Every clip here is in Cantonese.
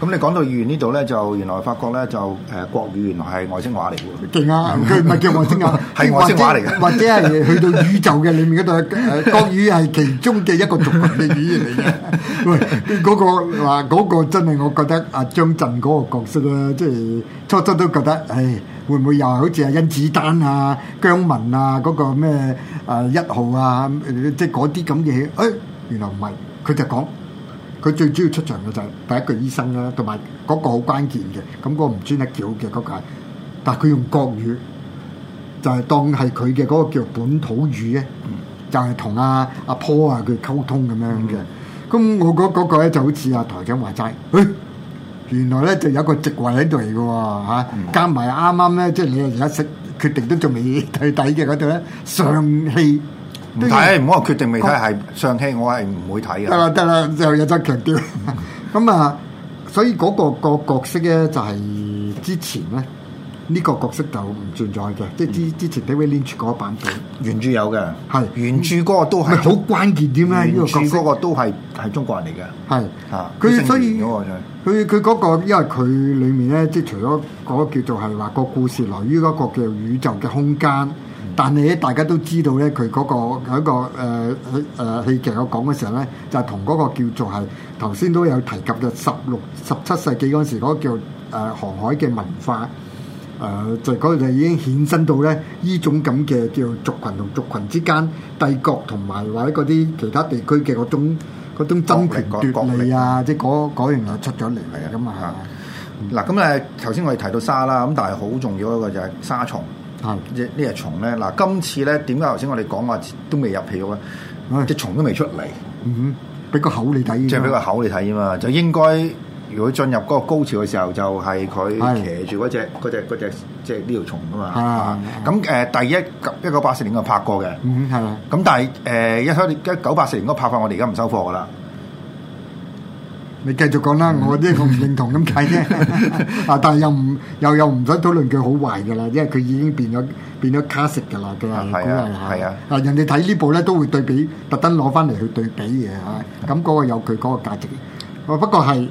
咁、嗯、你講到語言呢度咧，就原來發覺咧就誒、呃、國語原來係外星話嚟喎，勁啊！佢唔係叫外星啊，係外星話嚟嘅。或者或者係去到宇宙嘅裡面嗰度， 國語係其中嘅一個族民嘅語言嚟嘅。喂、 那個，嗰個話嗰個真係，我覺得阿張震嗰個角色啊，即、就、係、是、初初都覺得，誒會唔會又好似阿甄子丹啊、姜文啊嗰、那個咩啊一號啊，即係嗰啲咁嘢？誒、哎、原來唔係，佢就講。佢最主要出場嘅就係第一個醫生啦，同埋嗰個好關鍵嘅，咁、那、嗰個唔專一叫嘅嗰、那個、但係佢用國語就係、是、當係佢嘅嗰個叫本土語咧，嗯、就係同阿阿坡啊佢、啊啊、溝通咁樣嘅。咁、嗯、我嗰嗰個咧就好似阿台長話齋，嗯、原來咧就有個席位喺度嚟嘅喎嚇，加埋啱啱咧即係你而家食決定都仲未退底嘅嗰度咧上氣。唔睇，唔好話決定未睇，係上戲我係唔會睇嘅。得啦得啦，就有隻強調。咁啊、 嗯，所以嗰、那個角色咧就係之前咧呢個角色就唔存在嘅，即係之之前 David Lynch 嗰個版本，嗯、原著有嘅，係是原著嗰個都係好關鍵啲咩？呢個嗰個都係係中國人嚟嘅，係、嗯、啊。佢他他所以佢佢嗰個因為佢裡面咧，即係除咗嗰個叫做係話個故事來於嗰個叫宇宙嘅空間。但係咧，大家都知道咧，佢嗰、嗰個喺、嗰個誒誒、呃、戲劇我講嘅時候咧，就係同嗰個叫做係頭先都有提及嘅十六、十七世紀嗰陣時嗰、嗰個叫誒航、呃、海嘅文化，誒、呃、就嗰度就已經衍生到咧呢呢種咁嘅叫族群同族群之間帝國同埋或者嗰啲其他地區嘅嗰種嗰種爭權奪利啊，即係嗰嗰樣嘢出咗嚟，嚟啊咁啊，嗱咁誒頭先我哋提到沙啦，咁但係好重要一個就係沙蟲。係，呢呢條蟲咧，嗱，今次咧，點解頭先我哋講話都未入皮肉咧？隻蟲都未出嚟。嗯，俾個口你睇，即係俾個口你睇啊嘛，就應該如果進入嗰個高潮嘅時候，就係、是、佢騎住嗰隻、隻的、隻，即係呢條蟲啊嘛。咁誒，第一一九八四年我拍過嘅，係，咁但係誒，一九一九八四年嗰個拍法我哋而家唔收貨噶啦。你繼續講啦，我啲我唔認同咁解啫。啊， 但係又唔又有唔使討論佢好壞嘅啦，因為佢已經變咗變咗 classic 嘅啦，佢話估係啊，啊人哋睇呢部咧都會對比，特登攞翻嚟去對比嘅嚇。咁嗰個有佢嗰個價值。我不過係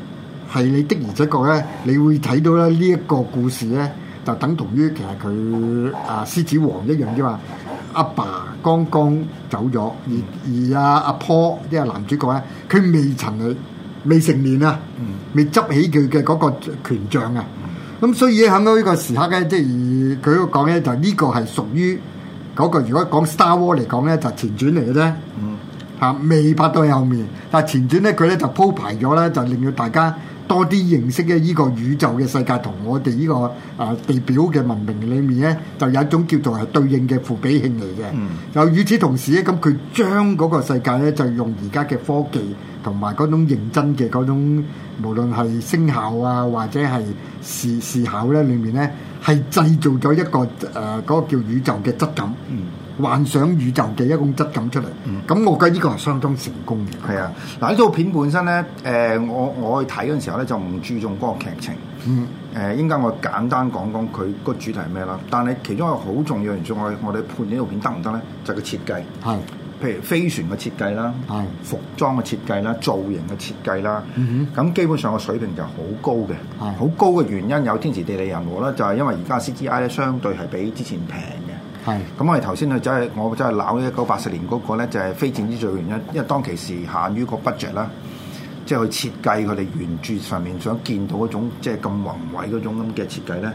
係你的而家覺咧，你會睇到咧呢一個故事咧，就等同於其實佢啊獅子王一樣之嘛。阿爸剛剛走咗，而而阿阿坡即係男主角咧，佢未曾嚟。未成年啊，未執起佢嘅嗰個權杖啊，咁所以喺呢個時刻咧，即係佢都講咧，就呢個係屬於嗰個如果講 Star War 嚟講咧，就前傳嚟嘅啫，嚇未拍到後面，但前傳咧佢咧就鋪排咗咧，就令到大家，多啲認識咧，呢個宇宙嘅世界同我哋呢、呢個啊、呃、地表嘅文明裏面呢就有一種叫做係對應嘅互比性嚟嘅。嗯、就與此同時呢咁佢將嗰個世界呢，就用而家嘅科技同埋嗰種認真嘅嗰種，無論係聲效啊或者係視視效呢裏面呢係製造咗一個誒嗰、呃嗰個叫宇宙嘅質感。嗯幻想宇宙嘅一種質感出嚟，咁、嗯、我覺得呢個係相當成功嘅。係啊，嗱，呢套片本身咧，誒、呃，我我去睇嗰陣時候咧就唔注重嗰個劇情，誒、嗯，應該、呃、我簡單講講佢個主題係咩啦。但係其中一個好重要嘅元素，我我哋判呢套片得唔得咧，就係個設計。係是，譬如飛船嘅設計啦，是服裝嘅設計啦，造型嘅設計啦，咁、嗯嗯、基本上個水平就好高嘅，好高嘅原因有天時地利人和啦，就係是是因為而家 C G I 咧相對係比之前平。係，咁、嗯嗯、我哋頭先就即係我即係攪一九八四年嗰個咧，就係非戰之罪嘅原因，因為當其時限於個 budget 啦，即係去設計佢哋原著上面想見到嗰種即係咁宏偉嗰種咁嘅設計咧，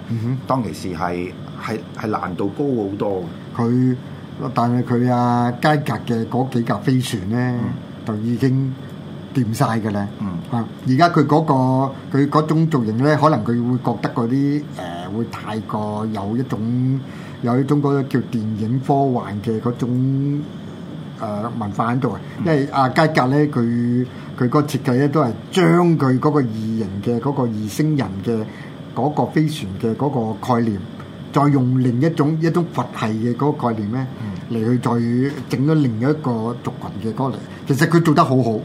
當其時係係係難度高好多佢，但係佢阿街格嘅嗰幾架飛船咧，嗯、就已經掂晒嘅啦。嗯，啊、嗯，而家佢嗰個佢嗰種造型咧，可能佢會覺得嗰啲誒會太過有一種。有一種嗰個叫電影科幻嘅嗰種、呃、文化喺度啊，因為阿吉格咧佢佢個設計咧都係將佢嗰個異形嘅嗰、嗰個異星人嘅嗰個飛船嘅嗰個概念，再用另一種一種佛系嘅嗰個概念咧嚟、嗯、去再整咗另一個族群嘅歌嚟，其實佢做得好好，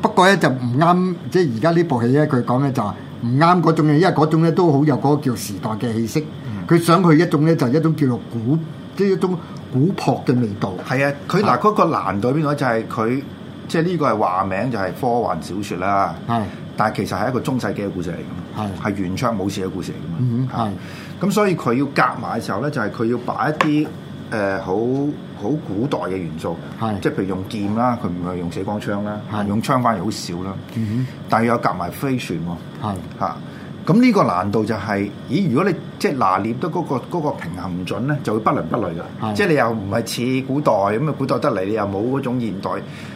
不過咧就唔啱，即係而家呢部戲咧佢講咧就話唔啱嗰種嘢，因為嗰種咧都好有嗰個叫時代嘅氣息。佢想佢一種咧，就係一種叫做古，即、就、係、是、一種古樸嘅味道。係啊，佢嗱嗰個難度在邊咧？就係、是、佢即係呢個係話名就係科幻小說啦。係的，但係其實係一個中世紀嘅故事嚟㗎。係的，係原創武士嘅故事嚟㗎。嘛。嗯、哼，咁所以佢要夾埋嘅時候咧，就係、是、佢要擺一啲誒好好古代嘅元素。係的，即係譬如用劍啦，佢唔係用死光槍啦，的用槍反而好少啦。嗯、哼但係有夾埋飛船喎。係，咁呢個難度就係、是，咦？如果你即係拿捏得嗰個嗰個平衡唔準咧，就會不倫不類㗎。是的 即係你又唔係似古代咁啊，古代得嚟你又冇嗰種現代，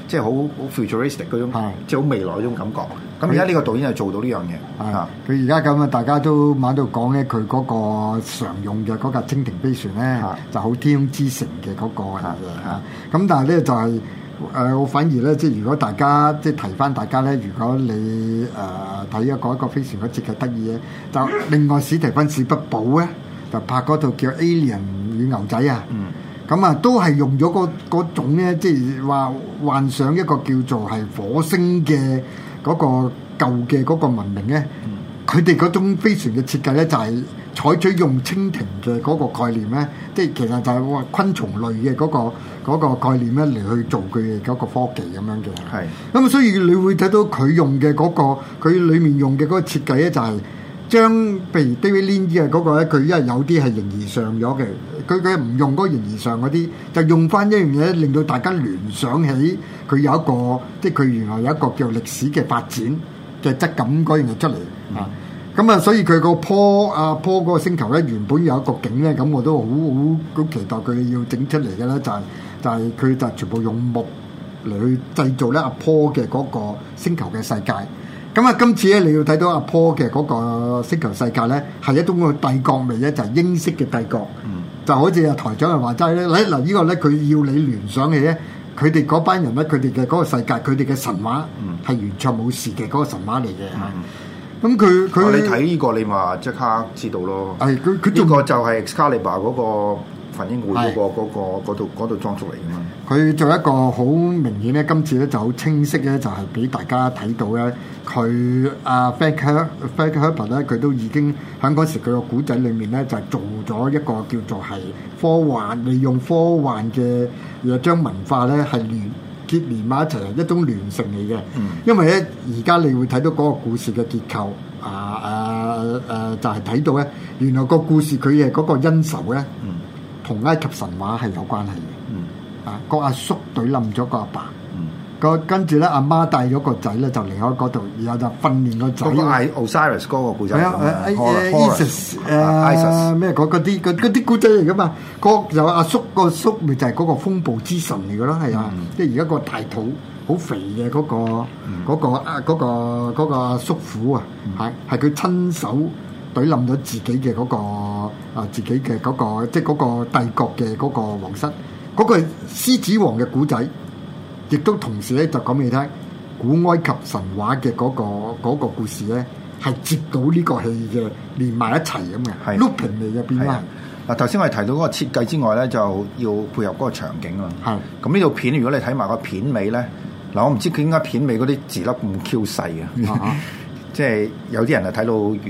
即係好好 futuristic 嗰種，是的 即係好未來嗰種感覺。咁而家呢個導演係做到呢樣嘢。佢而家咁啊，大家都喺度講咧，佢嗰個常用嘅嗰架蜻蜓飛船咧，是的 就好天空之城嘅嗰個嘅嚇。咁但係咧就係、是。誒，我、呃、反而咧，即係如果大家即係提翻大家咧，如果你誒睇、呃、一個一個飛船嘅設計得意嘅，就另外史蒂芬史不保咧，就拍嗰套叫《Alien 與牛仔》啊、嗯，咁啊，都係用咗嗰種咧，即係話幻想一個叫做係火星嘅嗰個舊嘅嗰個文明咧，佢哋嗰種飛船嘅設計咧就係、是。採取用蜻蜓嘅嗰個概念咧，即係其實就係話昆蟲類嘅嗰個嗰個概念咧嚟去做佢嗰個科技咁樣嘅。係咁是所以你會睇到佢用嘅嗰個佢裡面用嘅嗰個設計咧，就係將譬如 David Lynch 嗰個咧，佢因為有啲係形而上咗嘅，佢佢唔用嗰個形而上嗰啲，就用翻一樣嘢令到大家聯想起佢有一個，即係佢原來有一個叫歷史嘅發展嘅質感嗰樣嘢出嚟啊。嗯咁啊，所以佢個坡啊坡嗰個星球咧，原本有一個景咧，咁我都好好期待佢要整出嚟嘅咧，就係、係、就係、係、佢就全部用木嚟去製造咧阿坡嘅嗰個星球嘅世界。咁啊，今次咧你要睇到阿坡嘅嗰個星球世界咧，係一種個帝國味咧，就係、英式嘅帝國，嗯、就好似阿台長又話齋咧，嗱、呢個、呢依個咧佢要你聯想起咧，佢哋嗰班人咧，佢哋嘅嗰個世界，佢哋嘅神話係圓桌武士嘅嗰、嗯、個神話嚟嘅。嗯咁佢佢，你睇呢、這個你話即刻知道咯。係佢佢呢個就係 Excalibur 嗰個群英會嗰、那個嗰度度裝束嚟嘅。佢、嗯、做一個好明顯咧，今次咧就好清晰咧，就係、是、俾大家睇到咧。佢啊 Frank Herbert 咧，佢都已經喺嗰時佢個古仔裏面咧，就是、做咗一個叫做係科幻，利用科幻嘅又將文化咧去。結連埋一齊係一種連成嚟嘅，因為咧而家你會睇到嗰個故事嘅結構啊啊啊，就係、是、睇到咧，原來個故事佢嘅嗰個恩仇咧，同、嗯、埃及神話係有關係嘅，嗯、啊個阿叔隊冧咗個阿爸。我跟住咧，阿媽帶咗個仔咧，就離開嗰度，然後就訓練個仔。嗰個係 Osiris 嗰個故仔嚟㗎嘛？Isis，咩？嗰嗰啲嗰嗰啲故仔嚟㗎嘛？嗰有阿叔個叔咪就係嗰個風暴之神嚟㗎咯，係啊！即係而家個大肚好肥嘅嗰個嗰個啊嗰個嗰個叔父啊，係係佢親手懟冧咗自己嘅嗰個啊自己嘅嗰個即係嗰個帝國嘅嗰個皇室，嗰個係獅子王嘅故仔。亦都同時咧，就講俾你聽，古埃及神話嘅嗰個嗰個故事咧，係接到呢個戲嘅連埋一齊咁嘅，looping 嚟嘅變啦。嗱的，頭先樣我哋提到嗰個設計之外咧，就要配合嗰個場景啊。係的，咁呢度片如果你睇埋個片尾咧，嗱的，我唔知佢點解片尾嗰啲字粒咁 Q 細啊。 即係有啲人啊睇到完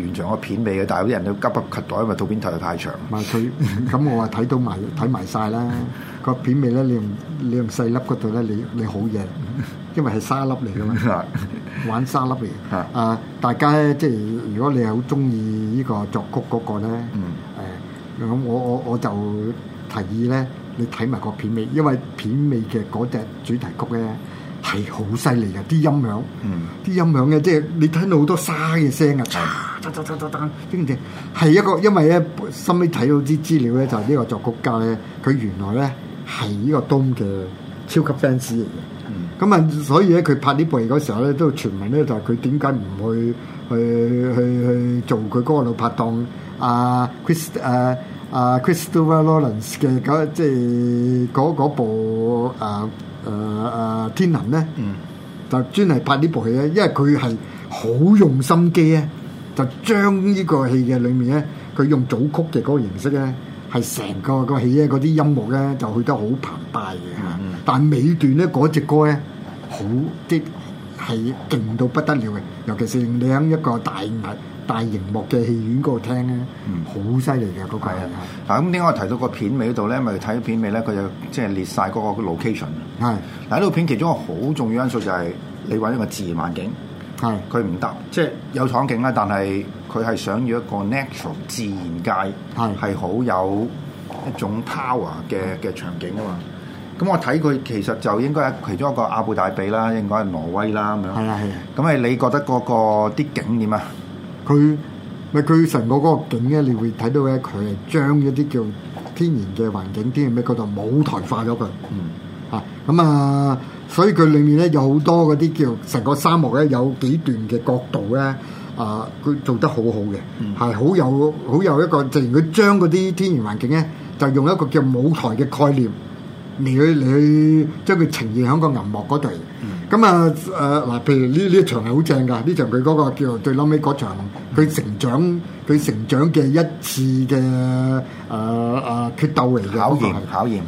完整個片尾嘅，但係有啲人佢急不及待，因為套片睇得太長。咪佢咁我話睇到埋睇埋晒啦，個片尾咧，你用你用細粒嗰度咧，你你好嘢，因為係沙粒嚟噶嘛， 玩沙粒嚟。 啊，大家咧即係如果你係好中意呢個作曲嗰個咧，誒咁、嗯啊、我我我就提議咧，你睇埋個片尾，因為片尾嘅嗰隻主題曲咧。係好犀利嘅，啲音響，啲、嗯、音響嘅，即、就、係、是、你聽到好多沙嘅聲啊，噔噔噔噔噔，點解？係一個，因為咧，心尾睇到啲資料咧，就係、是、呢個作曲家咧，佢原來咧係呢個 Dune 嘅超級 fans 嚟嘅。咁啊、嗯，所以咧，佢拍呢部戲嗰時候咧，都傳聞咧，就係佢點解唔去去去去，去做佢嗰個老拍檔啊？Chris 啊啊 Christopher Lawrence 嘅即係嗰部啊。Christ，啊誒誒，天能咧，就專係拍呢部戲咧，因為佢係好用心機啊，就將呢個戲嘅裏面咧，佢用組曲嘅嗰個形式咧，係成個個戲咧嗰啲音樂咧，就去得好澎湃嘅嚇。但係尾段咧嗰隻歌咧，好啲係勁到不得了嘅，尤其是拎一個大牙。大熒幕嘅戲院嗰個廳咧，嗯，好犀利嘅嗰個。係啊，嗱，咁點解我提到個片尾度咧？咪睇片尾咧，佢就即係列晒嗰個 location。係嗱的，呢套片其中一個好重要因素就係你揾一個自然環境。係佢唔得，即係有廠景啦，但係佢係想要一個 natural 自然界係係好有一種 power 嘅嘅場景啊嘛。咁我睇佢其實就應該係其中一個阿布達比啦，應該係挪威啦咁樣。係啊，係啊。咁誒的，你覺得嗰個啲、那個、景點啊？佢咪佢成個嗰個景咧，你會睇到咧，佢係將一啲叫天然嘅環境，天然咩叫做舞台化咗佢。啊、嗯，咁啊，所以佢裏面咧有好多嗰啲叫成個沙漠咧，有幾段嘅角度咧，啊，佢做得好好嘅，係好、嗯、有好有一個，就如、是、佢將嗰啲天然環境咧，就用一個叫舞台嘅概念。你去你，去，將佢呈現響個銀幕嗰度。咁啊誒，嗱、呃，譬如呢呢場係好正㗎，呢場佢嗰個叫做最嬲尾嗰場，佢、嗯、成長佢成長嘅一次嘅誒誒決鬥嚟嘅。考驗考驗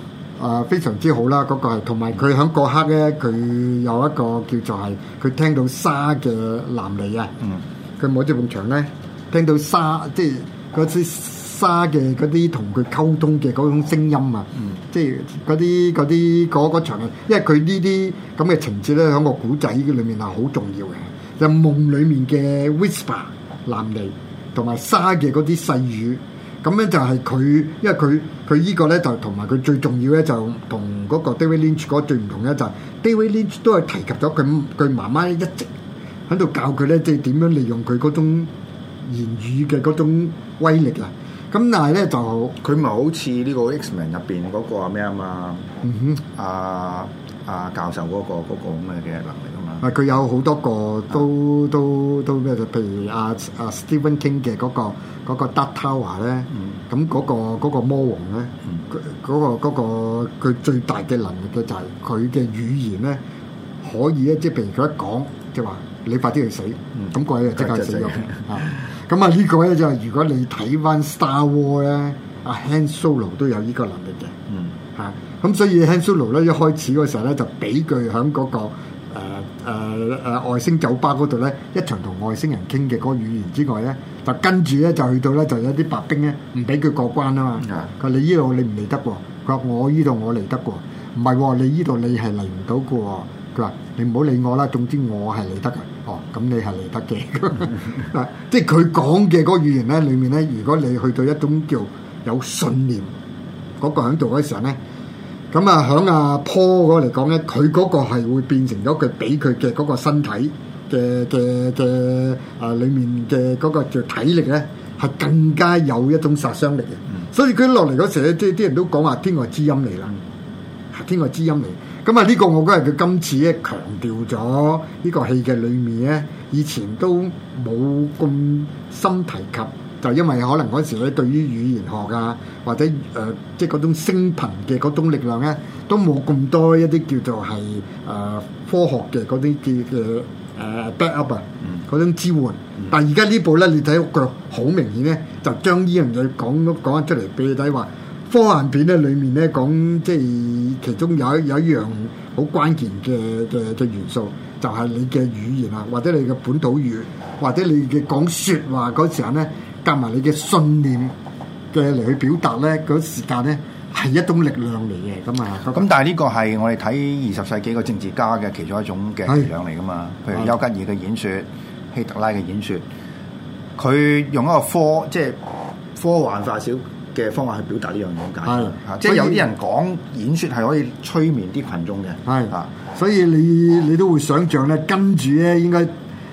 啊、呃，非常之好啦！嗰、嗰個係同埋佢喺嗰刻咧，佢有一個叫做係，佢聽到沙嘅男嚟啊，佢摸住部牆咧，聽到沙即係次。沙嘅嗰啲同佢溝通嘅嗰種聲音啊，嗯，即係嗰啲嗰啲嗰嗰場，因為佢呢啲咁嘅情節咧，響個古仔嘅裏面，係好重要嘅。就夢、是、裏面嘅 whisper、藍尼同埋沙嘅嗰啲細語，咁咧就係佢，因為佢佢呢個咧就同埋佢最重要咧就同嗰個 David Lynch 個最唔同咧，就係 David Lynch 都係提及咗佢佢媽媽一直喺度教佢咧，即係點樣利用佢嗰種言語嘅嗰種威力啊。咁但係咧就佢唔係好似呢個 Xman 入邊嗰個咩啊嘛、啊嗯哼啊，啊啊教授嗰、那個嗰、那個咁嘅能力，啊嘛？佢有好多個都、嗯、都都咩就譬如阿啊，啊 Stephen King 嘅嗰、那個嗰、那個 t 塔華咧，咁嗰、嗯那個嗰、那個魔王咧，嗰、嗯那個佢、那個、最大嘅能力嘅就係佢嘅語言咧可以咧即係譬如佢一講即係話你快啲去死，咁鬼即刻死咗啊！咁啊，個呢個咧就係如果你睇翻《Star War》咧，阿 Han Solo 都有呢個能力嘅。嗯、mm. 啊。嚇，咁所以 Han Solo 咧一開始嗰時候咧就俾佢喺嗰個誒誒、呃呃呃、外星酒吧嗰度咧一場同外星人傾嘅嗰語言之外咧，就跟住咧就去到咧就有啲白兵咧唔俾佢過關啊嘛。佢話、mm. 啊哦哦哦：你呢度你唔嚟得喎。佢話：我依度我嚟得喎。唔係喎，你依度你係嚟唔到個喎。佢話：你唔好理我啦，總之我係嚟得嘅。哦，咁你係嚟得嘅。嗱，即係佢講嘅嗰個語言咧，裡面咧，如果你去到一種叫有信念嗰個喺度嗰時候咧，咁啊，喺阿坡嗰嚟講咧，佢嗰個係會變成咗佢俾佢嘅嗰個身體嘅嘅嘅啊，裡面嘅嗰個叫體力咧，係更加有一種殺傷力嘅。嗯，所以佢落嚟嗰時咧，即係啲人都講話天外之音嚟啦，天外之音嚟。咁啊！呢個我覺得佢今次咧強調咗呢個戲嘅裏面咧，以前都冇咁深提及，就因為可能嗰時咧對於語言學啊，或者誒、呃、即係嗰種聲頻嘅嗰種力量咧，啊，都冇咁多一啲叫做係誒、呃、科學嘅嗰啲嘅誒 back up 啊，嗰、嗯、種支援。嗯，但而家呢部咧，你睇個腳好明顯咧，就將呢樣嘢講講出嚟俾你睇話。科幻片咧，裏面咧講，即係其中有一有一樣好關鍵嘅嘅嘅元素，就係你嘅語言啊，或者你嘅本土語，或者你嘅講説話嗰時候咧，夾埋你嘅信念嘅嚟去表達咧，嗰時間咧係一種力量嚟嘅，咁啊。咁但係呢個係我哋睇二十世紀個政治家嘅其中一種嘅力量嚟噶嘛，是譬如丘吉爾嘅演説，的希特拉嘅演説，佢用一個科即係科幻化少。嘅方法去表達呢樣嘢，解，係即係有啲人講演説係可以催眠啲群眾嘅，係啊，所以你你都會想象咧，跟住咧應該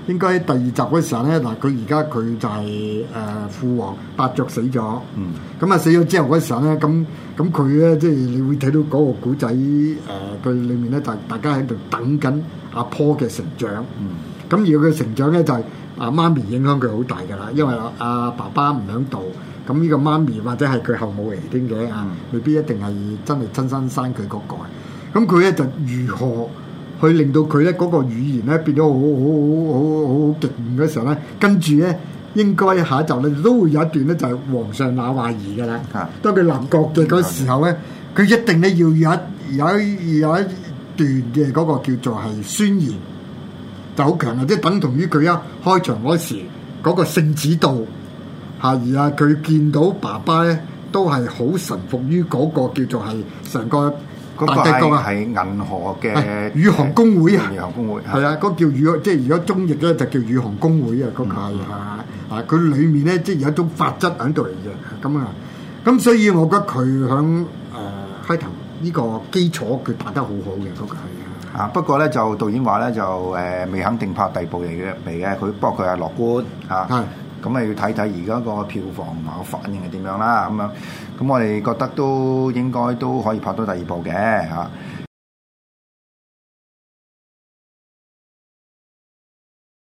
應該第二集嗰時候咧，嗱佢而家佢就係誒父王伯爵死咗，嗯，咁啊死咗之後嗰時候咧，咁咁佢咧即係你會睇到嗰個古仔誒佢裡面咧，就大家喺度等緊阿 Paul 嘅成長，嗯，咁而佢成長咧就係阿媽咪影響佢好大㗎啦，因為阿爸爸唔響度。咁呢個媽咪或者係佢後母嚟添嘅啊，未必一定係真係親生生佢，嗰個，咁佢咧就如何去令到佢咧嗰個語言咧變咗好好好好好好勁嘅時候咧，跟住咧應該下一集咧都會有一段咧就係皇上那華兒噶啦。啊、當佢立國嘅嗰時候咧，佢一定咧要有一有一有一段嘅嗰個叫做係宣言就好強嘅，即係等同於佢一開場嗰時嗰、嗰個聖旨度。嚇！而啊，佢見到爸爸咧，都係好臣服於嗰個叫做係成個大帝國啊！係銀河嘅宇航公會啊！宇航公會係啊！嗰、嗰個、叫宇即係如果中譯咧就叫宇航公會啊！嗰個係啊啊！佢裡面咧即係有一種法則喺度嚟嘅咁啊！咁所以我覺得佢響誒開頭呢個基礎佢拍得好好嘅，嗰、那個係啊！不過咧就導演話咧就誒未、呃、肯定拍第二部嚟嘅嚟嘅，佢不過佢係樂觀嚇。係、啊。啊啊咁咪要睇睇而家個票房同埋個反應係點樣啦？咁樣，咁我哋覺得都應該都可以拍到第二部嘅嚇。啊